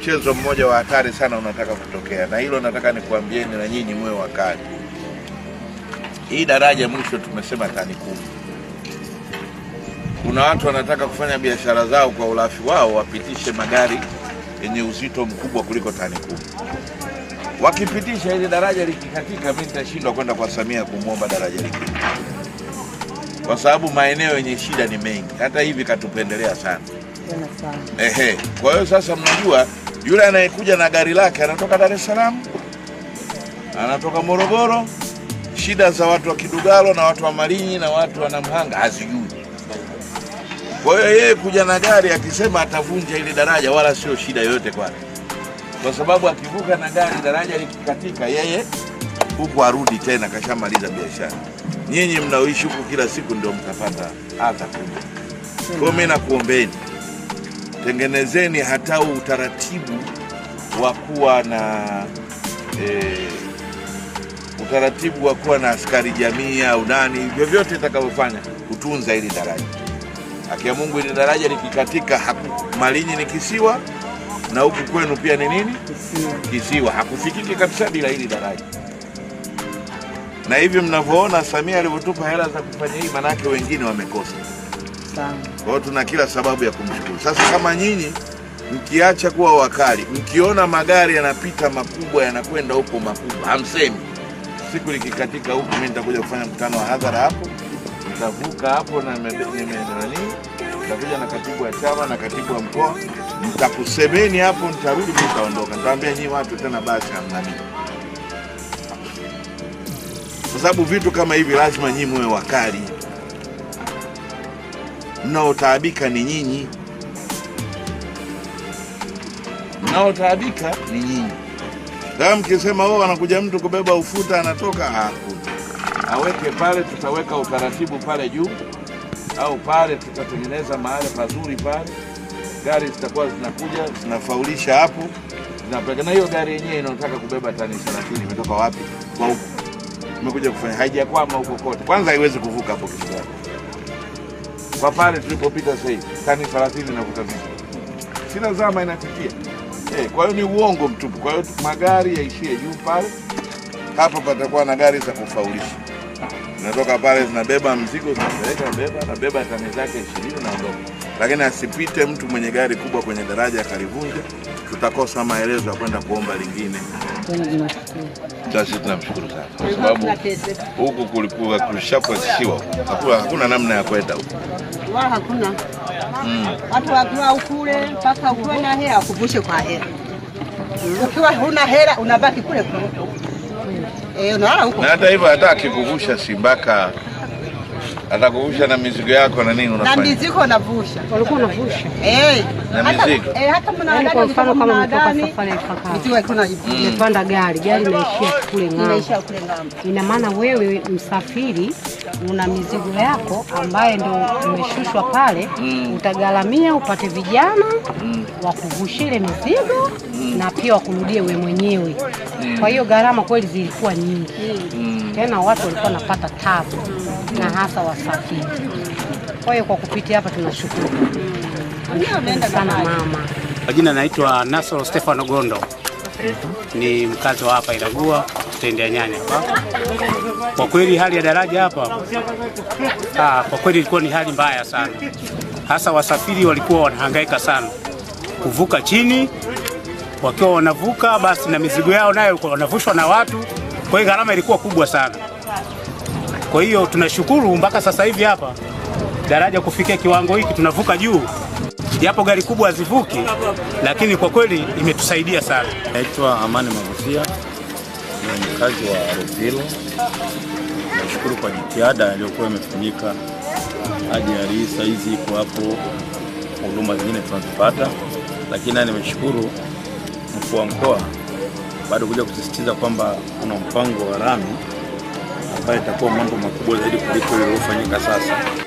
mchezo mmoja wa hatari sana unataka kutokea, na hilo nataka nikuambieni na nyinyi muwe wakali. Hii daraja mwisho tumesema tani kumi. Kuna watu wanataka kufanya biashara zao kwa ulafi wao, wapitishe magari yenye uzito mkubwa kuliko tani kumi. Wakipitisha ili daraja likikatika, mi nitashindwa kwenda kwa Samia kumwomba daraja lingine, kwa sababu maeneo yenye shida ni mengi. Hata hivi katupendelea sana. Ehe, kwa hiyo sasa, mnajua yule anayekuja na gari lake anatoka Dar es Salaam, anatoka Morogoro, shida za watu wa Kidugalo na watu wa Malinyi na watu wa Namhanga hazijui. Kwa hiyo yeye kuja na gari akisema atavunja ile daraja wala sio shida yoyote kwake, kwa sababu akivuka na gari daraja likikatika, yeye huku arudi tena, kashamaliza biashara. Nyinyi mnaoishi huku kila siku ndio mtapata adha kubwa. Kwa mimi nakuombeni tengenezeni hata utaratibu wa kuwa na e, utaratibu wa kuwa na askari jamii au nani, vyovyote itakavyofanya kutunza hili daraja. Haki ya Mungu, hili daraja likikatika, Malinyi ni kisiwa na huku kwenu pia ni nini, kisiwa, hakufikiki kabisa bila hili daraja. Na hivi mnavyoona Samia alivyotupa hela za kufanya hii, manake wengine wamekosa. Kwa hiyo tuna kila sababu ya kumshukuru. Sasa kama nyinyi mkiacha kuwa wakali, mkiona magari yanapita makubwa yanakwenda huko makubwa, hamsemi. Siku likikatika huku, mimi nitakuja kufanya mkutano wa hadhara hapo, nitavuka hapo na nimenanii, nitakuja na katibu ya chama na katibu wa mkoa, nitakusemeni hapo, nitarudi, nitaondoka, nitawaambia nyinyi watu tena, basi hamna kwa sababu vitu kama hivi lazima nyinyi mwe wakali mnaotaabika ni nyinyi, mnaotaabika ni nyinyi. Kama mkisema wao anakuja mtu kubeba ufuta anatoka, hakuja aweke pale, tutaweka utaratibu pale juu, au pale tutatengeneza mahali pazuri pale, gari zitakuwa zinakuja zinafaulisha hapo zinapeleka. Na hiyo gari yenyewe inayotaka kubeba tani 30 imetoka wapi? Kwa huko imekuja kufanya haijakwama huko kote, kwanza haiwezi kuvuka hapo kitu kwa pale tulipopita sasa hivi pili na nakuta sina zama inatikia eh, kwa hiyo ni uongo mtupu. Kwa hiyo magari yaishie juu pale, hapa patakuwa na gari za kufaulisha. Zinatoka pale zinabeba mzigo zinapeleka beba nabeba tani zake ishirini na naondoka, lakini asipite mtu mwenye gari kubwa kwenye daraja akalivunja, tutakosa maelezo ya kwenda kuomba lingine. Sisi tunamshukuru sana kwa sababu huku kulikuwa kulishakuasishiwa, hakuna namna ya kwenda huku wala hakuna mm. watu wakiwa ukule mpaka ukiwe na hela akuvushe kwa hela. Ukiwa huna hela unabaki kule kule. Eh, na hata hivyo hata akikuvusha Simbaka atakuvusha na mizigo yako na nini unafanya? Na mizigo unavusha. Walikuwa unavusha. Eh. Na mizigo. Eh, hata mna yaani kwa mfano kama mtoka safari ifakao. Mizigo kuna imepanda gari, gari inaishia kule ng'ambo. Inaishia kule ng'ambo. Ina maana wewe msafiri una mizigo yako ambaye ndio umeshushwa pale, mm. utagaramia upate vijana mm wakuvushile mizigo mm. na pia wakurudie we mwenyewe mm. Kwa hiyo gharama kweli zilikuwa nyingi mm. Tena watu walikuwa wanapata tabu mm. na hasa wasafiri. Kwa hiyo kwa kupitia hapa tunashukuru sana mama. Kwa jina naitwa Nasoro Stefano Gondo ni mkazi wa hapa Iragua stendi ya Nyanya hapa. Kwa kweli hali ya daraja hapa ah, kwa kweli ilikuwa ni hali mbaya sana, hasa wasafiri walikuwa wanahangaika sana kuvuka chini. Wakiwa wanavuka, basi na mizigo yao nayo wanavushwa na watu, kwa hiyo gharama ilikuwa kubwa sana. Kwa hiyo tunashukuru mpaka sasa hivi hapa daraja kufikia kiwango hiki, tunavuka juu, japo gari kubwa hazivuki, lakini kwa kweli imetusaidia sana. Naitwa Amani Magusia, ni mkazi wa Ruvilo. Nashukuru kwa jitihada iliyokuwa imefanyika hadi hali hii, saizi iko hapo, huduma zingine tunazipata lakini na nimeshukuru mkuu wa mkoa bado kuja kusisitiza kwamba kuna mpango wa rami ambayo itakuwa mambo makubwa zaidi kuliko iliyofanyika sasa.